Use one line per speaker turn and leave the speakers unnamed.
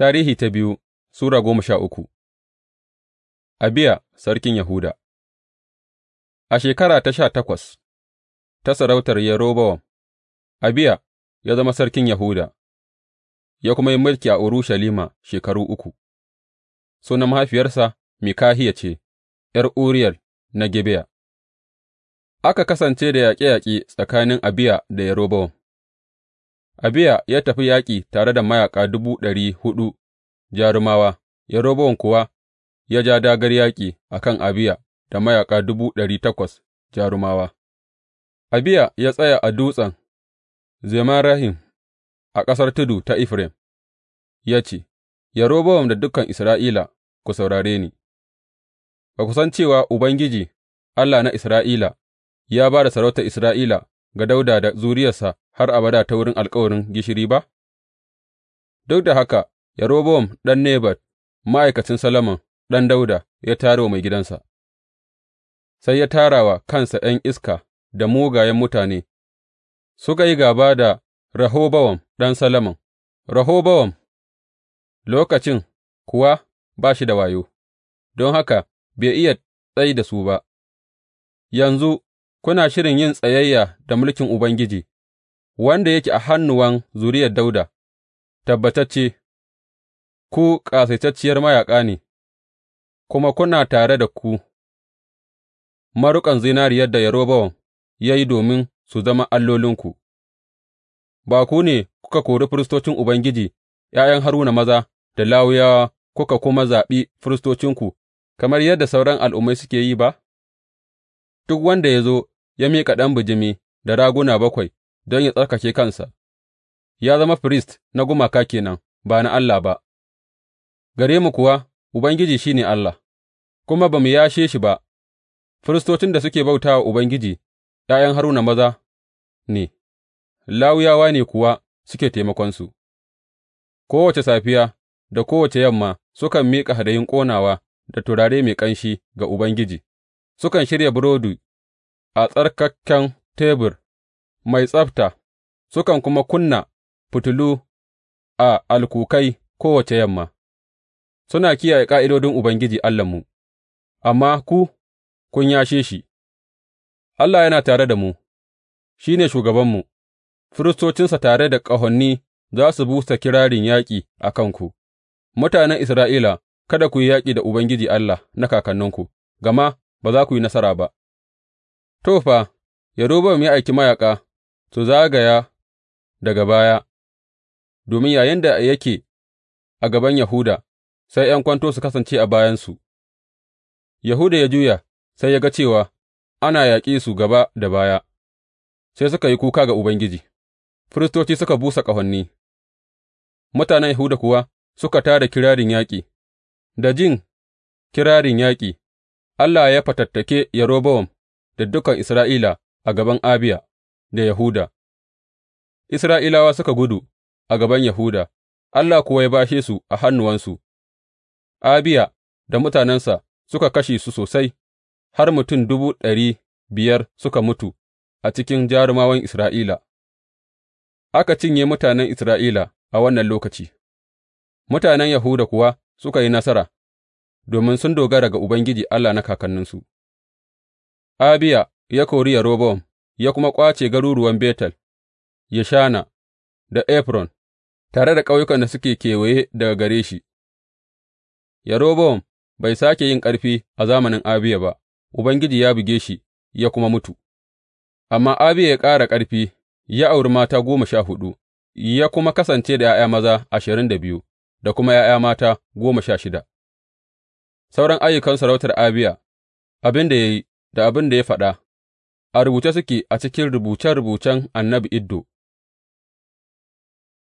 Tarihi ta biyu Sura goma sha uku Abiya sarkin Yahuda A shekara ta sha takwas ta sarautar Yerobowam, Abiya ya zama sarkin Yahuda, ya kuma yi mulki a Urushalima shekaru uku, sunan mahaifiyarsa Mikahiya ce, ’yar uriyar na Gibeya. Aka kasance da yaƙe yaƙe tsakanin Abiya da Yerobowam. Abiya ya tafi yaƙi tare da mayaƙa dubu ɗari huɗu jarumawa, Yerobowam kuwa ya ja dāgār yaƙi a kan Abiya da mayaƙa dubu ɗari takwas jarumawa. Abiya ya tsaya a Dutsen Zemarayim a ƙasar tudu ta Efraim, ya ce, Yerobowam da dukan Isra'ila, ku saurare ni, ba ku san cewa Ubangiji, Allah na Isra'ila, ya ba da sarautar Isra'ila. ga Dawuda da zuriyarsa har abada ta wurin alkawarin gishiri ba? Duk da haka, Yerobowam ɗan Nebat, ma'aikacin Solomon ɗan Dauda ya tayar wa gidansa, sai ya tara wa kansa ’yan iska da mugayen mutane, suka yi gaba da Rahobowam ɗan Solomon, Rahobowam lokacin kuwa ba shi da wayo, don haka bai iya tsai da su ba, yanzu kuna shirin yin tsayayya da mulkin Ubangiji, wanda yake a hannuwan zuriyar Dauda, tabbatacce, ku ƙasaitacciyar mayaƙa ne, kuma kuna tare da ku maruƙan zinariyar da Yerobowam ya yi domin su zama allolinku, ba ku ne kuka kori firistocin Ubangiji, ’ya'yan Haruna maza da Lawiyawa, kuka kuma zaɓi firistocinku kamar yadda sauran al'ummai suke yi ba? duk wanda ya zo ya miƙa ɗan bijimi da raguna bakwai don yă tsarkake kansa, ya zama firist na gumaka kenan ba na Allah ba, gare mu kuwa Ubangiji shi ne Allah, kuma ba mu yashe shi ba, firistocin da suke bauta wa Ubangiji ’ya'yan Haruna maza ne, Lawiyawa ne kuwa suke taimakonsu, kowace safiya da kowace yamma sukan miƙa hadayin ƙonawa da turare mai ƙanshi ga Ubangiji. Sukan shirya burodi a tsarkaken tebur mai tsabta, sukan kuma kunna fitilu a alkukai kowace yamma, suna kiyaye ƙa'idodin Ubangiji Allahnmu, amma ku kun yashe shi, Allah yana tare da mu, shi ne shugabanmu, firistocinsa tare da ƙahoni za su busa kirarin yaƙi a kanku, mutanen Isra'ila, kada ku yi yaƙi da Ubangiji Allah na kakanninku, gama ba za ku yi nasara ba, to, fa, Yerobowam ya aiki mayaƙa su zagaya daga baya, domin yayinda yake a gaban Yahuda, sai ’yan kwanto su kasance a bayansu, Yahuda ya juya, sai ya ga cewa ana yaƙi su gaba da baya, sai suka yi kuka ga Ubangiji, firistoci suka busa ƙahonni. mutanen Yahuda kuwa suka tara kirarin yaƙi, da jin kirarin yaƙi Allah ya fatattake Yerobowam da dukan Isra'ila a gaban Abiya da Yahuda, Isra'ilawa suka gudu a gaban Yahuda, Allah kuwa ya bashe su a hannuwansu, Abiya da mutanensa suka kashe su sosai, har mutum dubu ɗari biyar suka mutu a cikin jarumawan Isra'ila. Aka cinye mutanen Isra'ila a wannan lokaci, mutanen Yahuda kuwa suka yi nasara. domin sun dogara ga Ubangiji Allah na kakanninsu. Abiya ya kori Yerobowam ya kuma ƙwace garuruwan Betel, Yeshana da Efron, tare da ƙauyukan da suke kewaye daga gare shi. Yerobowam bai sake yin ƙarfi a zamanin Abiya ba, Ubangiji ya buge shi ya kuma mutu. Amma Abiya ya ƙara ƙarfi, ya auri mata goma sha hudu, ya kuma kasance da ’ya'ya maza ashirin da biyu da kuma ’ya'ya mata goma sha shida. Sauran ayyukan sarautar Abiya, abin da ya yi da abin da ya faɗa, a rubuce suke a cikin rubuce rubucen annabi Iddo.